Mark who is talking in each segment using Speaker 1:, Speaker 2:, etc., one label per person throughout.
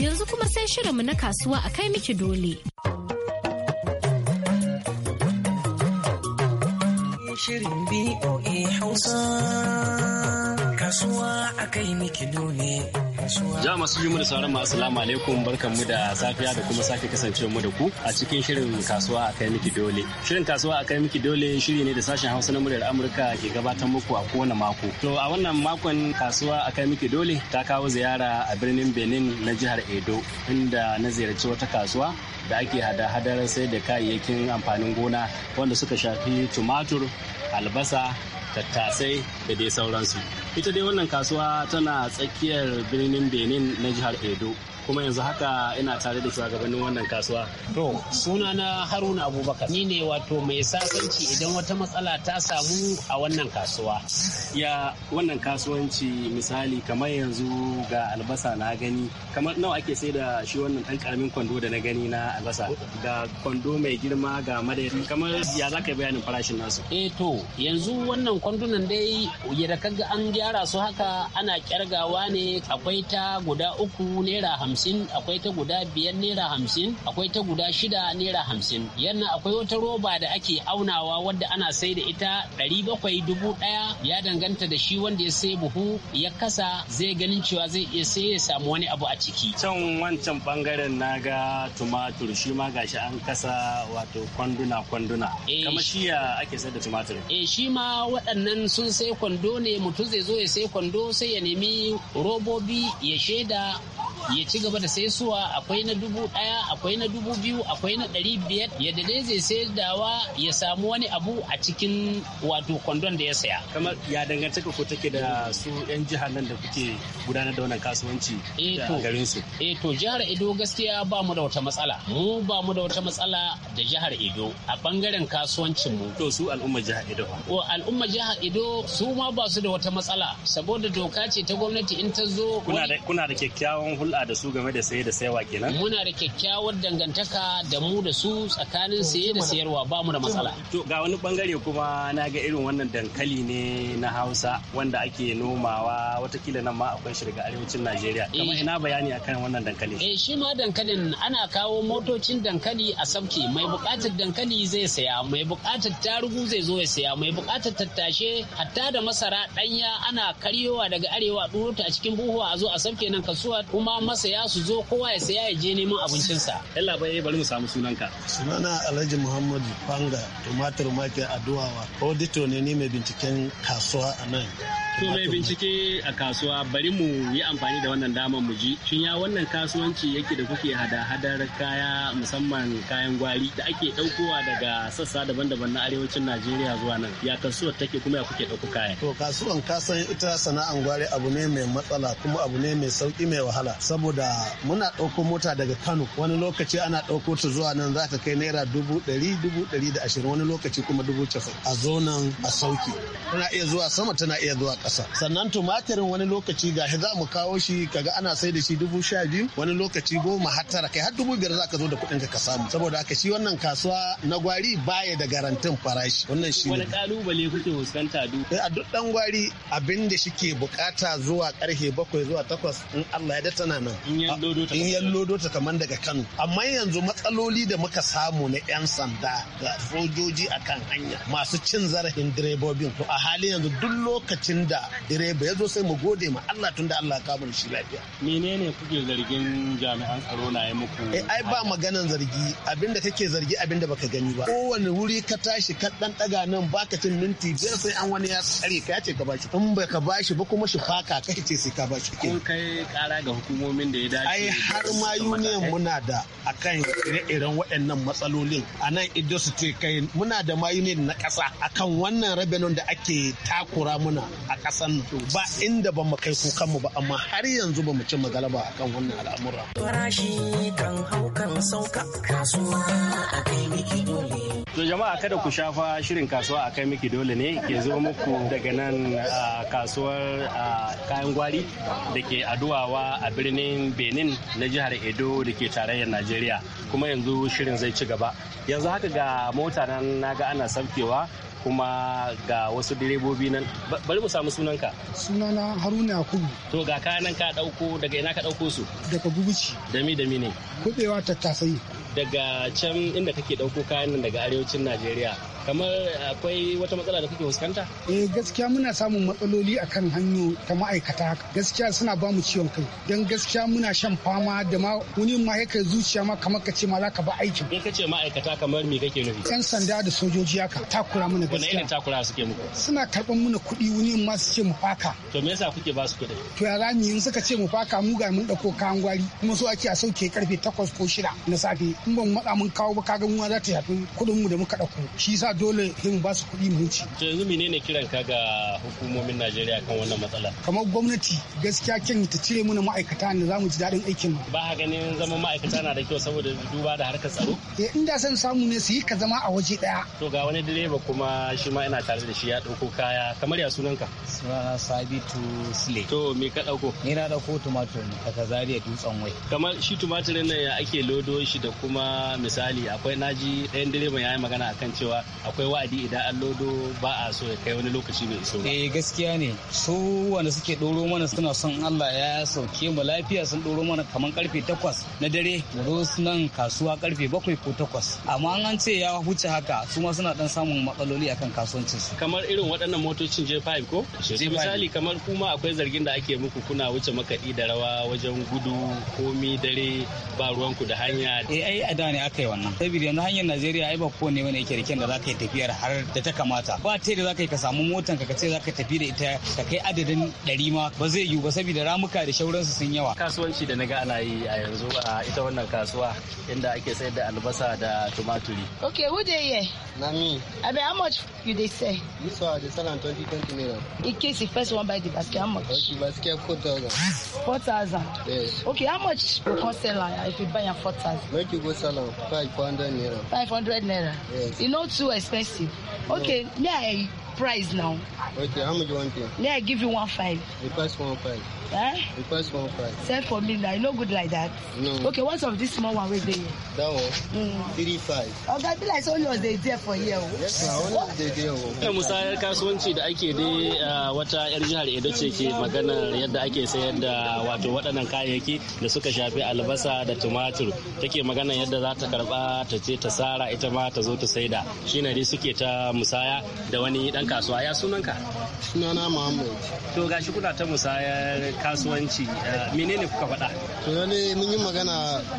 Speaker 1: Yanzu kuma sai shirinmu na kasuwa a kai miki dole.
Speaker 2: Shirin BOA Hausa. kasuwa a kai miki ne Ja masu yi mu da sauran masu salamu
Speaker 3: alaikum barkan mu da safiya da kuma sake kasance mu da ku a cikin shirin kasuwa a kai miki dole. Shirin kasuwa a kai miki dole shiri ne da sashen Hausa na muryar Amurka ke gabatar muku a kowane mako. To a wannan makon kasuwa a kai miki dole ta kawo ziyara a birnin Benin na jihar Edo inda na ziyarci wata kasuwa da ake hada-hadar sai da kayayyakin amfanin gona wanda suka shafi tumatur, albasa, tattasai da dai sauransu. ita dai wannan kasuwa tana tsakiyar birnin benin na jihar edo kuma yanzu haka ina tare da shugabannin wannan kasuwa to
Speaker 4: suna na haruna abubakar ni ne wato mai sasanci idan wata matsala ta samu a wannan kasuwa
Speaker 3: ya wannan kasuwanci misali kamar yanzu ga albasa na gani kamar nawa ake sai da shi wannan dan karamin kwando da na gani na albasa ga kwando mai girma ga madadi kamar ya zaka bayanin farashin nasu
Speaker 4: eh to yanzu wannan kwandunan dai ya da kaga an gyara su haka ana kyargawa ne akwai ta guda uku naira hamsin akwai ta guda biyar naira hamsin akwai ta guda shida naira hamsin yana akwai wata roba da ake aunawa wadda ana sai da ita ɗari bakwai dubu ɗaya ya danganta da shi wanda ya sai buhu ya kasa zai ganin cewa zai
Speaker 3: iya sai ya samu wani abu a ciki. can wancan bangaren na ga tumatur shi ma gashi an kasa wato kwanduna kwanduna. Eh, kama shiya ake sai da tumatur.
Speaker 4: eh shi ma waɗannan sun sai kwando ne mutum zai zo zo ya sai kwando sai ya nemi robobi ya shaida ya ci gaba da saisuwa akwai na dubu ɗaya akwai na dubu biyu akwai na ɗari biyar ya dai zai wa ya samu wani abu a cikin wato kwandon da ya saya. kamar ya dangantaka ko take da su 'yan jihar nan da kuke gudanar da wannan kasuwanci eh a garin su. eh to jihar edo gaskiya ba mu da wata matsala mu ba mu da wata matsala da jihar edo a bangaren kasuwancin mu. to su al'umma jihar edo. Ko al'umma jihar edo su ma ba su da wata matsala saboda doka ce ta gwamnati in ta zo. kuna
Speaker 3: da kyakkyawan hulɗa hulɗa da su game da saye da sayarwa kenan muna
Speaker 4: da kyakkyawar dangantaka da mu da su tsakanin saye da sayarwa ba mu da matsala to ga wani bangare kuma na ga irin wannan
Speaker 3: dankali ne na Hausa wanda ake nomawa watakila nan ma akwai shi daga arewacin Najeriya eh. kamar ina bayani akan wannan dankali
Speaker 4: eh shi ma dankalin ana kawo motocin dankali a sabke mai buƙatar dankali zai saya mai buƙatar tarugu zai zo ya saya mai buƙatar tattashe hatta da masara ɗanya ana karyowa daga arewa duruta a cikin buhuwa a zo a sabke nan kasuwa kuma masa ya su zo kowa ya saya ya je neman abincinsa. Yalla bai bari mu samu sunanka.
Speaker 5: Sunana Alhaji Muhammadu Fanga tumatir market a Duwawa. Auditor ne ne mai binciken kasuwa a nan. To mai
Speaker 3: bincike a kasuwa bari mu yi amfani da wannan damar mu ji. Tun ya wannan kasuwanci yake da kuke hada-hadar kaya musamman kayan gwari da ake daukowa daga sassa daban-daban na arewacin Najeriya zuwa nan. Ya kasuwar take kuma ya kuke dauko kaya.
Speaker 5: To kasuwan kasan ita sana'an gwari abu ne mai matsala kuma abu ne mai sauki mai wahala. saboda muna ɗauko mota daga kano wani lokaci ana ɗauko ta zuwa nan za ta kai naira dubu ɗari dubu ɗari da ashirin wani lokaci kuma dubu casa'in a zonan a sauki tana iya zuwa sama tana iya zuwa ƙasa sannan tumatirin wani lokaci ga za mu kawo shi kaga ana sai da shi dubu sha biyu wani lokaci goma har tara kai har dubu biyar za ka zo da kuɗin ka samu saboda haka shi wannan kasuwa na gwari baya da garantin farashi wannan shi wani kalubale kuke fuskanta du eh, a duk dan gwari abin da shike bukata zuwa karfe bakwai zuwa takwas in Allah ya da tana nan in yan lodo kamar daga kano amma yanzu matsaloli da muka samu na yan sanda da sojoji a kan hanya masu cin zarafin direbobin to a halin yanzu duk lokacin da direba ya zo sai mu gode ma Allah tunda Allah ya kawo shi lafiya
Speaker 3: menene kuke zargin jami'an tsaro na yi muku eh ai ba
Speaker 5: maganan zargi abinda kake zargi abinda baka gani ba kowane wuri ka tashi ka dan daga nan baka cin minti biyar sai an wani ya tsare ka ya ce ka bashi in baka bashi ba kuma shi faka kai ce sai ka bashi kun kai kara ga hukumomi hukumomin da ya dace ai har ma union muna da akan ire-iren waɗannan matsalolin a nan ido su ce kai muna da ma union na ƙasa akan wannan rabenon da ake takura muna a ƙasan ba inda ba mu kai kukanmu ba amma har yanzu ba mu ci magalaba akan wannan al'amura
Speaker 2: farashi kan hau sauka kasuwa
Speaker 5: a kai miki dole
Speaker 3: To jama'a kada ku shafa shirin kasuwa a kai miki dole ne ke zo muku daga nan kasuwar kayan gwari da ke aduwawa a birnin birnin benin na jihar edo da ke tarayyar najeriya kuma yanzu shirin zai ci gaba yanzu haka ga mota nan naga ana saukewa kuma ga wasu direbobi nan bari mu samu sunanka
Speaker 5: sunana haruna kudu
Speaker 3: to ga kanan ka dauko daga ina ka dauko su daga guguci dami dami ne
Speaker 5: kudewa tattasai
Speaker 3: daga can inda kake dauko kayan nan daga arewacin najeriya kamar akwai wata matsala da kuke fuskanta
Speaker 5: eh gaskiya muna samun matsaloli akan hanyo ta ma'aikata haka gaskiya suna ba mu ciwon kai don gaskiya muna shan fama da ma wani ma kai zuciya ma kamar ka ce ma ka ba aikin Me ka
Speaker 3: ce ma'aikata kamar me kake nufi
Speaker 5: yan sanda da sojoji haka takura mana gaskiya wani irin
Speaker 3: takura suke muku
Speaker 5: suna karɓar mana kuɗi wani ma su ce mu faka
Speaker 3: to me yasa kuke ba su kuɗi
Speaker 5: to ya rami in suka ce mu faka mu ga mun dauko kayan gwari kuma so ake a sauke karfe 8 ko 6 na safe in ban matsa mun kawo ba kaga mu za ta yafi kuɗin mu da muka dauko shi yasa dole in ba su kuɗi mu wuce.
Speaker 3: To yanzu menene kiran ka ga hukumomin Najeriya kan wannan matsala?
Speaker 5: Kamar gwamnati gaskiya kin ta cire mana ma'aikata ne za mu ji daɗin aikin mu.
Speaker 3: Ba ganin zaman ma'aikata na da kyau saboda duba da harkar tsaro?
Speaker 5: Eh in da son samu ne su yi ka zama a waje daya.
Speaker 3: To ga wani direba kuma shi ma ina tare da shi ya ɗauko kaya kamar ya ka. Sunana Sabitu Sule. To me ka ɗauko? Ni na ɗauko tumatur
Speaker 4: ne daga Zaria dutsen wai.
Speaker 3: Kamar shi tumaturin nan ya ake lodo shi da kuma misali akwai naji ɗayan direba ya yi magana akan cewa akwai wa'adi idan an lodo ba a so ya kai wani
Speaker 4: lokaci mai iso ba eh gaskiya ne su wanda suke doro mana suna son Allah ya sauke mu lafiya sun doro mana kaman karfe takwas na dare mu zo nan kasuwa karfe bakwai ko takwas amma an ce ya huce haka su ma suna dan samun matsaloli akan kasuwancin su
Speaker 3: kamar irin waɗannan motocin J5 ko misali kamar kuma akwai zargin da ake muku kuna wuce makaɗi da rawa
Speaker 4: wajen gudu komi dare ba ruwanku da hanya eh ai a da ne aka yi wannan saboda yanzu hanyar Najeriya ai ba kowanne ne yake da kyan da za ka kai tafiyar har da ta kamata ba ta da zaka yi ka samu motan ka ce zaka tafi da ita ka kai adadin ɗari ma ba zai yiwu ba saboda ramuka da shauransu sun yawa
Speaker 3: kasuwanci da naga ana yi a yanzu a ita wannan kasuwa inda ake sayar da albasa
Speaker 4: da tumaturi okay who dey here nami abi how much you dey sell this one dey sell am 2020 twenty naira in case the first one buy the basket how much okay basket four thousand four thousand yes okay how much you come sell am if you buy am four thousand make you go sell am five hundred naira
Speaker 6: five hundred naira yes e no too expensive. Okay, yeah, price now.
Speaker 4: Okay, how much you want pay? Me,
Speaker 6: I give you one five.
Speaker 4: You pass one five. Eh? You pass one five.
Speaker 6: Sell for me now. You no good like that. No. Okay, what's of this small one wey dey here? That one. Mm. Three five. Oga be like so yours dey there for here. Oh. Yes, na only
Speaker 5: dey there.
Speaker 3: Ina oh. eh, musayar kasuwanci da ake dai ah, wata yar jihar Edo ce ke maganar yadda ake sayar da wato waɗannan kayayyaki da suka shafi albasa da tumatur take magana yadda za ta karɓa ta ce ta sara ita ma ta zo ta saida shine dai suke ta musaya da wani dan kasuwa ya sunanka sunana muhammad to gashi kuna ta musayar kasuwanci eh, menene kuka faɗa to dole mun yi magana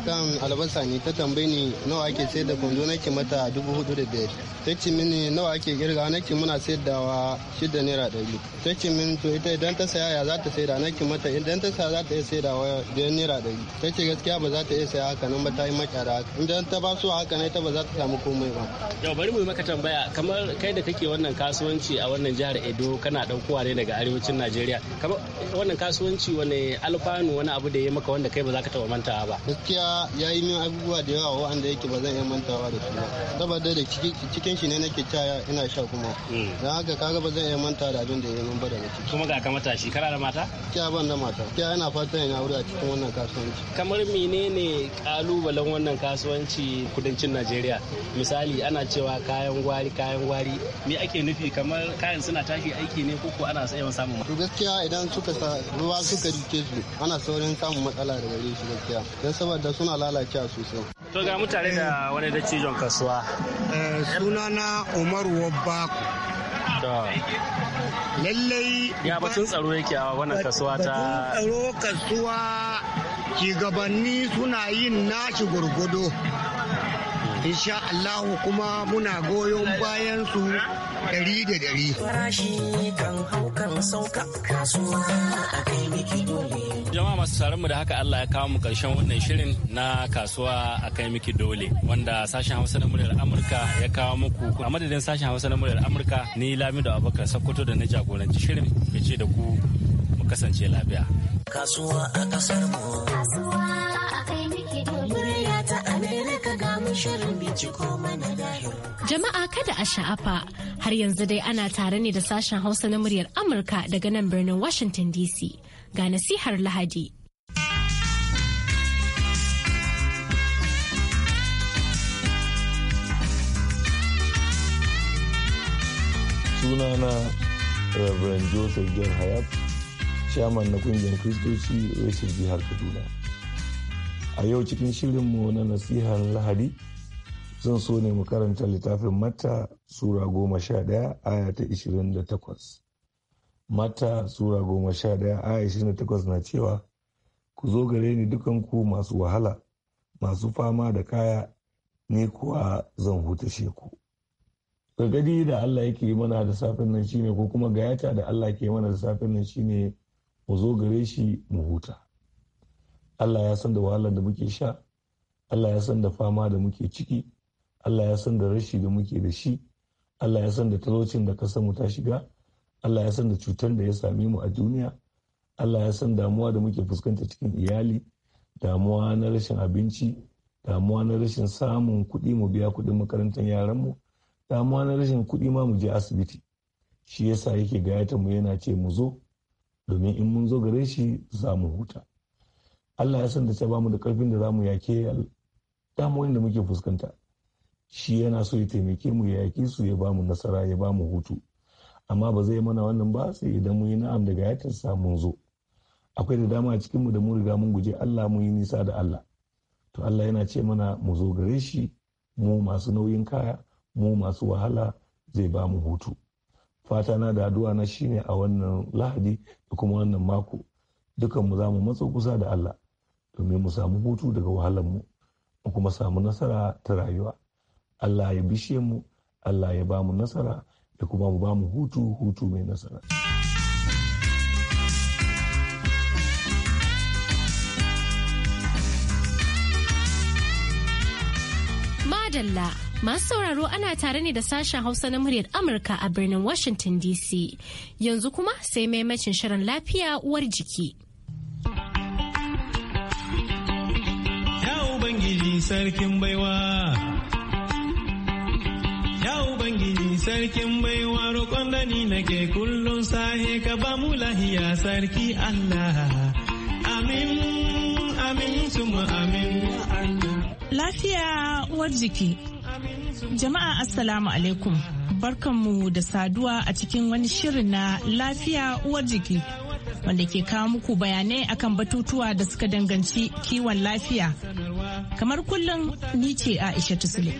Speaker 3: kan albasa ne ta tambaye ni nawa ake sayar da kwando nake mata dubu hudu da biyar ta ce mini nawa ake girga nake muna sayar da wa shida naira ɗari ta ce mini to ita idan ta saya ya za ta sayar da nake mata idan ta saya za ta iya sayar da wa biyar naira ɗari ta ce gaskiya ba za ta iya saya haka nan ba ta yi makyara haka idan ta ba su haka ne ta ba za ta samu komai ba yau bari mu yi maka tambaya kamar kai da kake wannan kasuwanci kasuwanci a wannan jihar edo kana ɗaukowa ne daga arewacin najeriya kamar wannan kasuwanci wani alfanu wani abu da ya maka wanda kai ba za ka taɓa mantawa ba gaskiya ya yi min abubuwa da yawa wanda yake ba zan iya mantawa da su ba saboda da cikin shi ne nake caya ina sha kuma hmm. don haka kaga ba zan iya mantawa da abin da ya min ba daga ciki kuma ga ka matashi kana da mata gaskiya ban da mata gaskiya ina fatan ina wuri
Speaker 4: a cikin wannan kasuwanci
Speaker 3: kamar menene kalubalen wannan kasuwanci kudancin najeriya misali ana cewa kayan gwari kayan gwari me ake nufi kan kamar kayan suna tashi aiki ne ko ko ana yawan samun matsala. gaskiya idan suka sa ruwa suka rike su ana saurin samun matsala da gare shi gaskiya don saboda suna lalacewa sosai to ga mutane da wani da cijon kasuwa
Speaker 5: eh, Suna na Umaru Wabbaku lallai
Speaker 3: ya batun tsaro yake a wannan kasuwa ta
Speaker 5: tsaro kasuwa shugabanni suna yin nashi gurgudu. insha Allah kuma muna goyon bayan su ɗari da ɗari. Farashi kan hau kan sauka kasuwa a kai miki dole.
Speaker 3: jama'a masu sauran mu da haka Allah ya kawo mu karshen wannan shirin na kasuwa a kai miki dole wanda sashen Hausa na muryar Amurka ya kawo muku a madadin sashen Hausa na muryar Amurka ni Lamido Abubakar Sokoto da na jagoranci shirin ya ce da ku mu kasance lafiya kasuwa a kasar
Speaker 1: mu kasuwa Jama'a kada a sha'afa har yanzu dai ana tare ne da sashen Hausa na muryar Amurka daga nan birnin Washington DC ga nasihar Lahadi.
Speaker 7: Sunana Reverend Joseph John Hayat, shaman na kungiyar Kristoci Reshen Jihar Kaduna. a yau cikin shirinmu na nasihar lahadi zan so ne mu karanta littafin mata sura goma sha ɗaya aya ta ishirin da takwas mata sura goma sha ɗaya aya ishirin da takwas na cewa ku zo gare ni dukanku masu wahala masu fama da kaya ne kuwa zan huta ku gargadi da Allah yake yi mana da safin nan shine ko kuma gayata da Allah ke mana da safin nan shine mu zo gare shi mu huta Allah ya san da wahalar da muke sha Allah ya san da fama da muke ciki Allah ya san da rashi da muke da shi Allah ya san da talaucin da kasar mu ta shiga Allah ya san da cutar da ya same mu a duniya Allah ya san damuwa da muke fuskanta cikin iyali damuwa na rashin abinci damuwa na rashin samun kuɗi mu biya kuɗin makarantar yaran mu damuwa na rashin kuɗi ma mu je asibiti shi yasa yake gayata mu yana ce mu zo domin in mun zo gare shi za mu huta Allah ya san da ce bamu da karfin da zamu yake damuwan da muke fuskanta shi yana so ya taimake mu ya yaki su ya bamu nasara ya bamu hutu amma ba zai mana wannan ba sai idan mun yi na'am daga yatin sa mun zo akwai da dama cikin mu da mun riga mun guje Allah mun yi nisa da Allah to Allah yana ce mana mu zo gare shi mu masu nauyin kaya mu masu wahala zai ba mu hutu fata na da addu'a na shine a wannan lahadi da kuma wannan mako dukan mu za mu matso kusa da Allah domin mu samu hutu daga wahalar mu kuma samu nasara ta rayuwa Allah ya bishe mu Allah ya ba mu nasara da kuma mu ba mu hutu hutu mai nasara
Speaker 1: Madalla Masu sauraro ana tare ne da sashen Hausa na muryar Amurka a birnin Washington DC. Yanzu kuma sai maimacin shirin lafiya uwar jiki.
Speaker 8: sarkin baiwa ya ubangiji sarkin baiwa roƙon da ni nake
Speaker 2: kullum sahe ka ba mu lahiya sarki allah amin amin tuma amin
Speaker 9: lafiya uwar jiki jama'a assalamu alaikum barkanmu da saduwa a cikin wani shirin na lafiya uwar jiki wanda ke kawo muku bayanai akan batutuwa da suka danganci kiwon lafiya Kamar kullum ni ce Aisha Tusule.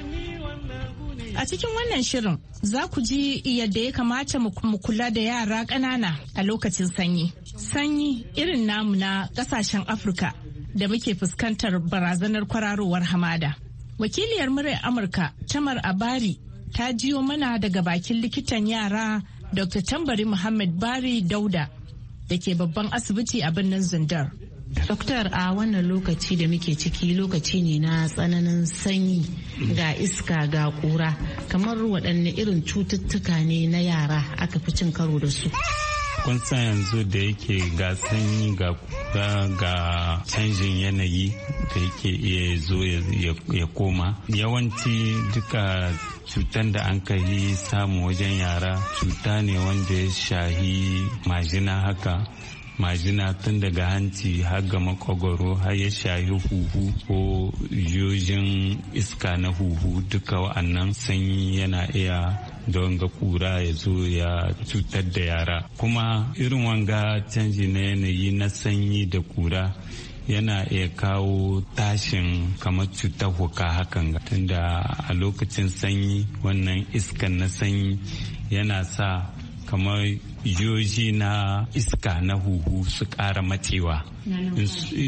Speaker 9: A cikin wannan shirin za ku ji yadda ya kamata mu kula da yara ƙanana a lokacin sanyi. Sanyi irin namu na ƙasashen Afirka da muke fuskantar barazanar kwararowar hamada. Wakiliyar muryar Amurka Tamar Abari ta jiyo mana daga bakin likitan yara Dr. Tambari Muhammad Bari Dauda da ke babban asibiti a birnin Zindar.
Speaker 6: Doktor a wannan lokaci da muke ciki lokaci ne na tsananin sanyi ga iska ga kura kamar waɗanne irin cututtuka ne na yara aka fi cin karo
Speaker 7: da su.
Speaker 8: kun san yanzu da yake ga sanyi ga ga canjin yanayi da yake iya zo ya koma yawanci duka cutan da an yi samu wajen yara cuta ne wanda ya shahi majina haka majina tun daga hanci har ga makogoro har ya shayi huhu ko yojin iska na huhu duka wa'annan sanyi yana iya don ga kura ya zo ya cutar da yara kuma irin wanga canji na yanayi na sanyi da kura yana iya kawo tashin kamar cutar huka hakan ga. tunda a lokacin sanyi wannan iskan na sanyi yana sa kamar yoji na iska na huhu su kara matsewa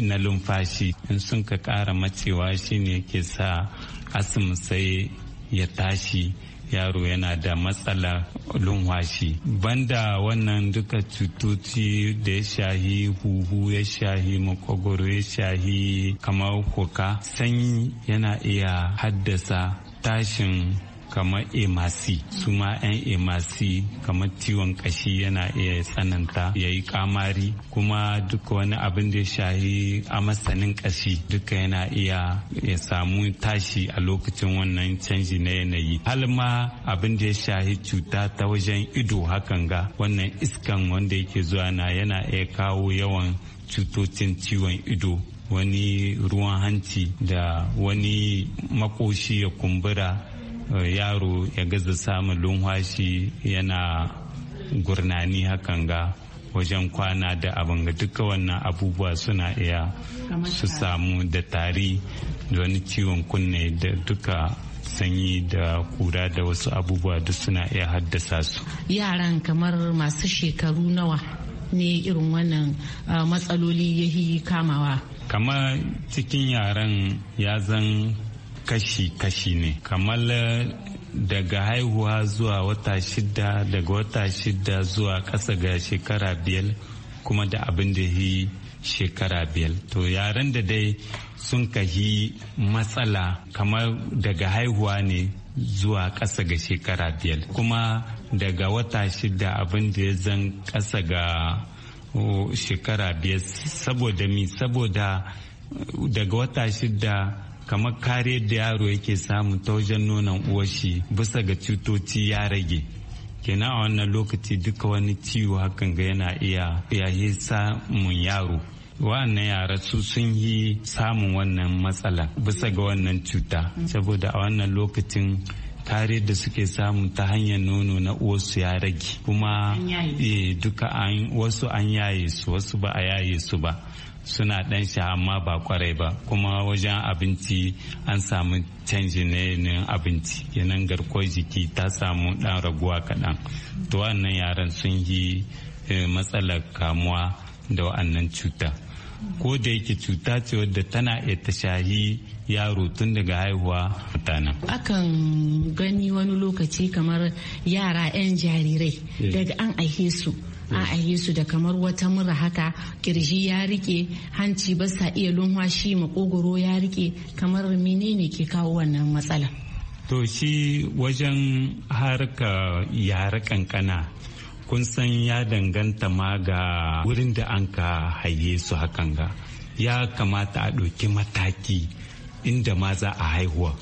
Speaker 8: na lumfashi in sun ka ƙara matsewa shine ke sa asim sai ya tashi yaro yana da matsala lumfashi banda wannan duka cututi da ya shahi huhu ya shahi makogoro ya shahi kamar kuka sanyi yana iya haddasa tashin kamar emasi suma ma 'yan emasi kamar ciwon kashi yana iya tsananta ya yi kamari kuma duka wani abin da ya shahi amasanin kashi duka yana iya ya samu tashi a lokacin wannan canji na yanayi hal ma abin da ya shahi cuta ta wajen ido hakan ga wannan iskan wanda yake zuwa na yana iya kawo yawan cutocin ciwon ido wani ruwan hanci da wani makoshi ya kumbura yaro ya gaza samun lumhashi yana gurnani hakan ga wajen kwana da abin ga duka wannan abubuwa suna iya su samu da tari da wani ciwon kunne da duka sanyi da kura da wasu abubuwa duk suna iya haddasa su
Speaker 6: yaran kamar masu shekaru nawa ne irin wannan uh, matsaloli ya kamawa
Speaker 8: kamar cikin yaran ya zan kashi-kashi ne kamar eh, daga haihuwa zuwa wata shida daga wata shida zuwa ƙasa ga shekara biyar kuma da abin da yi shekara biyar to yaren da dai sun kahi matsala kamar daga haihuwa ne zuwa ƙasa ga shekara biyar kuma daga wata shida abin da ya zan ƙasa ga shekara biyar saboda mi saboda eh, daga wata shida kamar kare da yaro yake samu ta wajen nonon uwashi bisa ga cutoci ya rage kenan a wannan lokaci duka wani ciwo hakan ga yana iya yahe samun yaro wannan yara su sun yi samun wannan matsala bisa ga wannan cuta saboda a wannan lokacin kare da suke samu ta hanyar nono na uwarsu ya rage kuma eh, duka wasu an yaye su wasu ba a yaye su ba suna ɗan sha amma ba kwarai ba kuma wajen abinci an samu canji na abinci kenan garkuwar jiki ta samu ɗan raguwa kaɗan to wannan yaran sun yi eh, matsalar kamuwa da wa'annan cuta ko da yake cuta ce wadda tana iya ta shahi yaro tun daga haihuwa mutanen.
Speaker 6: Akan gani wani lokaci kamar yara 'yan jarirai eh. daga an aihe su. a eh. aye su da kamar wata mura haka kirji ya rike hanci ba sa iya lumwashi makogoro ya rike kamar menene ke kawo wannan matsala
Speaker 8: to shi wajen harka yara kankana kun san ya danganta ma ga wurin da an ka haye su hakan ga ya kamata a ɗauki mataki inda ma za a haihuwa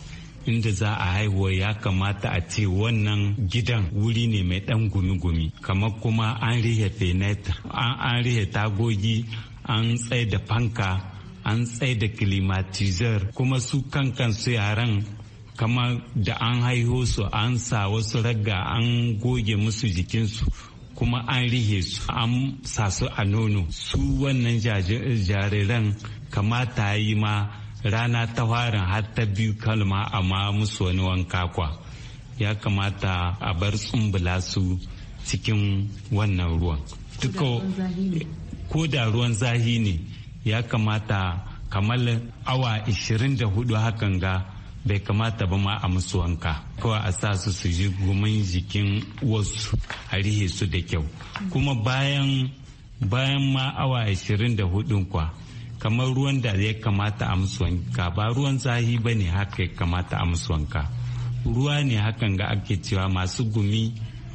Speaker 8: inda za a haihuwa ya kamata a ce wannan gidan wuri ne mai ɗan gumi-gumi kamar kuma an rihe fenet an rihe tagogi an tsaye da fanka an tsaye da climatizer kuma su kankan su yaran kama da an haihu su an sa wasu ragga an goge musu jikinsu kuma an rihe su an sa su a nono su wannan jariran kamata yi ma rana ta farin har ta biyu kalma amma musu wani wanka kwa ya kamata a bar tsumbula su cikin wannan ruwan ko da ruwan zahi ne ya kamata kamar awa 24 hakan ga bai kamata ba ma a musu wanka kawai a sa su su ji gumin jikin wasu a rihe su da kyau kuma bayan bayan ma awa 24 kwa kamar ruwan da ya kamata a musu wanka ba ruwan zahi ba ne haka ya kamata a musu wanka ruwa ne hakan ga ake cewa masu gumi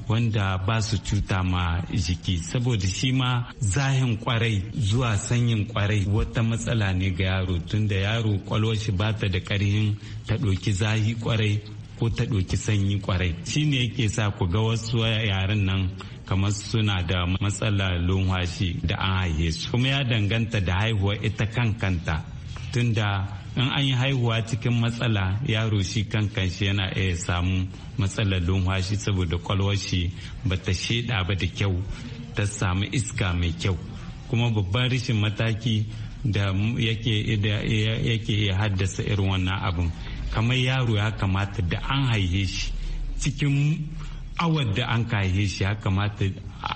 Speaker 8: wanda ba su cuta ma jiki saboda shi ma zahin kwarai zuwa sanyin kwarai wata matsala ne ga yaro tunda yaro kwalwashi ba ta da karhin ta ɗauki zahi kwarai ko ta ɗauki sanyi kwarai shi ne yake sa ku ga wasu yaren nan kamar suna da matsala lumhashi da an haihe su kuma ya danganta da haihuwa ita kankanta tunda in an yi haihuwa cikin matsala yaro shi kankan shi yana iya samu matsalar lumhashi saboda kwalwashi ba ta sheda ba da kyau ta samu iska mai kyau kuma babban rashin mataki da yake iya haddasa irin wannan abin kamar yaro ya kamata da an haihe shi cikin awar da an kahe shi ya kamata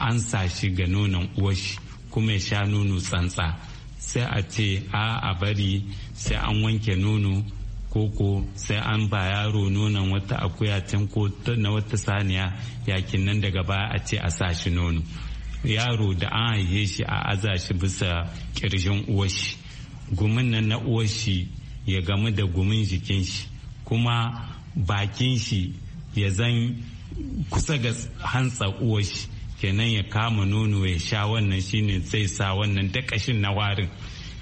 Speaker 8: an sa shi ga nonon uwashi kuma ya sha nono tsantsa sai a ce a a bari sai an wanke nono koko sai an ba yaro nonon wata akuya can ko na wata saniya yakin nan daga baya a ce a sa shi nono yaro da an haihe shi a aza shi bisa kirjin uwashi gumin nan na uwashi ya gamu da gumin jikin shi kuma bakin shi ya zan kusa ga hantsa uwashi kenan ya kama nono ya sha wannan shine zai sa wannan dakashin na warin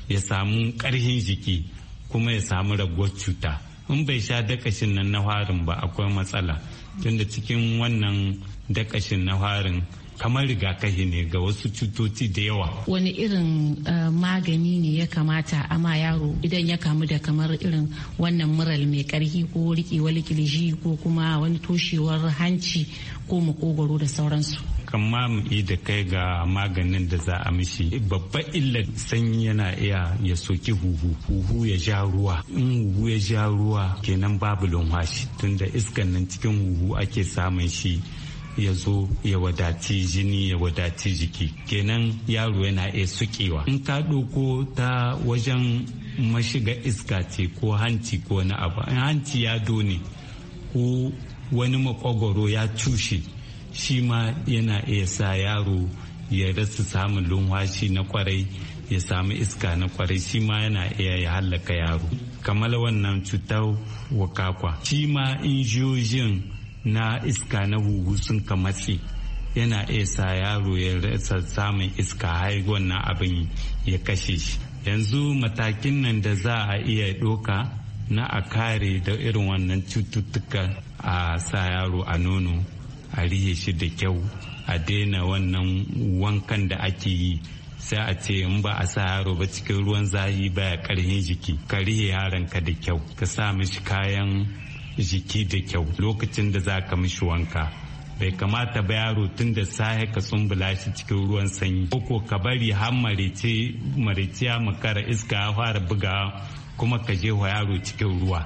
Speaker 8: ya samu karhin jiki kuma ya samu raguwar cuta in bai sha dakashin nan na warin ba akwai matsala tunda cikin wannan dakashin na warin kamar rigakafi ne ga wasu cutoci da yawa
Speaker 6: wani irin eh, magani ne ya kamata ama yaro idan ya kamu da kamar irin wannan mural mai karhi ko rikewar kilishi ko kuma wani toshewar hanci ko makogoro da sauransu
Speaker 8: mu yi da kai ga maganin da za a mishi babban illar sanyi yana iya ya soki huhu huhu ya ja ruwa in huhu ya ja ruwa kenan babu lumhashi tunda iskan nan cikin huhu ake samun shi ya zo ya wadaci jini ya wadaci jiki kenan yaro yana iya sukewa in ka ɗauko ta wajen mashiga iska ce ko hanci ko wani abu in hanci ya done ko wani makogoro ya cushe shi ma yana iya sa yaro ya rasa samun lumwashi na kwarai ya samu iska na kwarai shi ma yana iya ya hallaka yaro kamar wannan cutar wakakwa shi ma injiyojin na iska na huhu sun ka matse yana iya sa yaro ya rasa samun iska har wannan abin ya kashe shi yanzu matakin nan da za a iya doka na a kare da irin wannan cututtuka a sa yaro a nono a rihe shi da kyau a daina wannan wankan da ake yi sai a ce in ba a sa yaro ba cikin ruwan zahi baya karhin jiki ka rihe yaron ka da kyau ka sa mishi kayan jiki da kyau lokacin da za ka mishi wanka bai kamata ba yaro tun da sahe ka tsumbula shi cikin ruwan sanyi ko ka bari har marice ya makara iska ya fara buga kuma ka je wa yaro cikin ruwa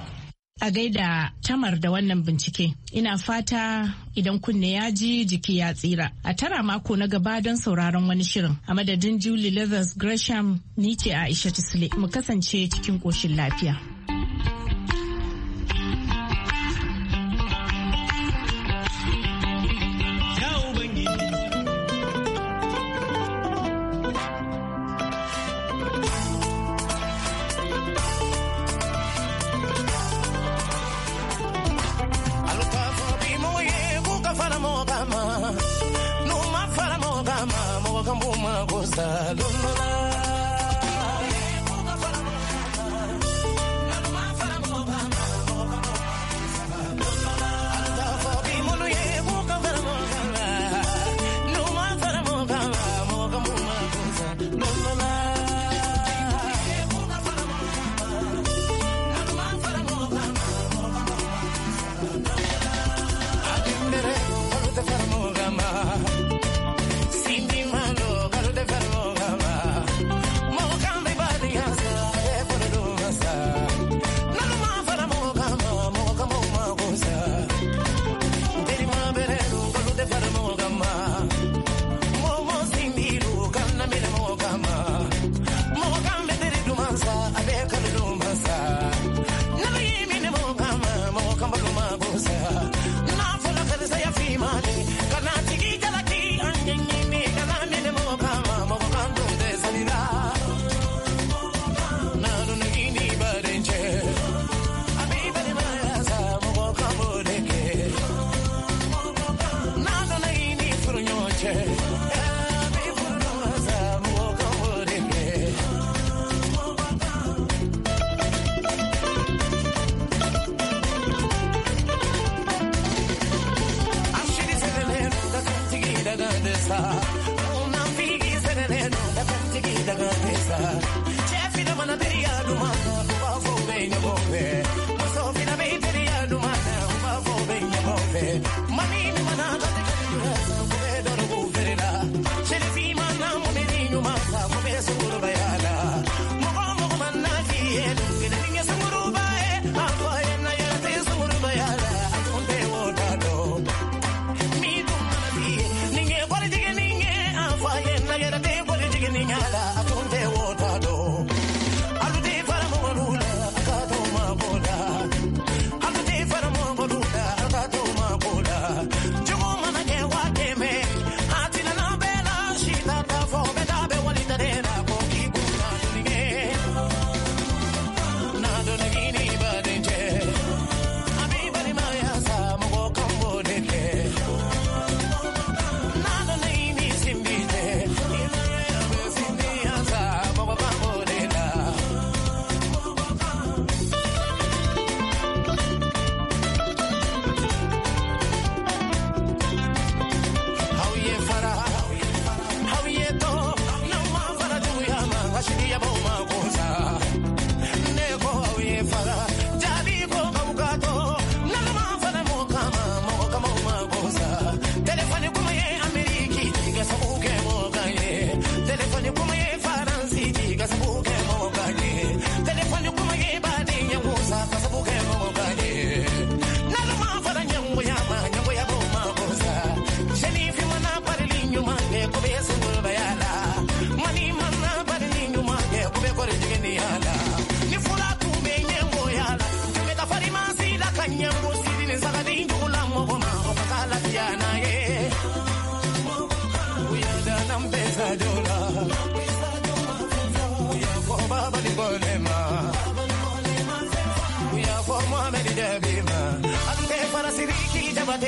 Speaker 9: a gaida tamar da wannan bincike ina fata idan kunne ya ji jiki ya tsira a tara mako na gaba don sauraron wani shirin a madadin julie leathers gresham ni ce aisha tisle mu kasance cikin koshin lafiya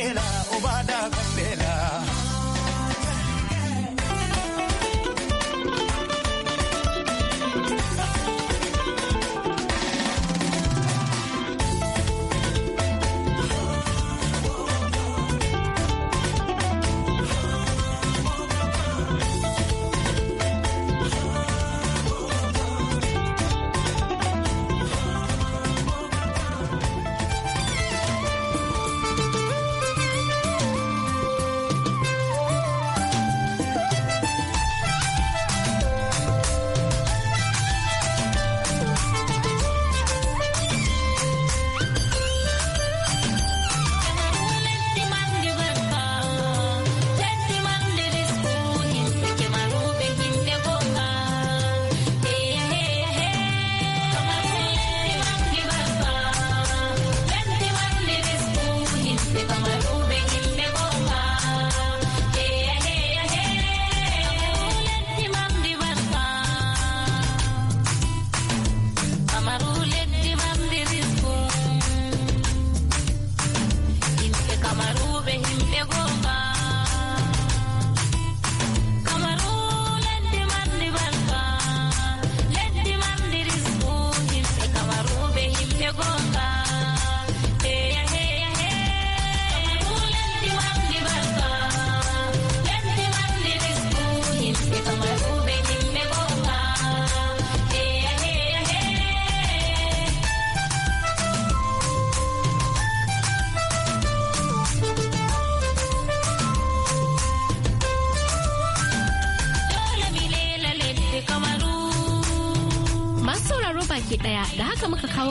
Speaker 2: de la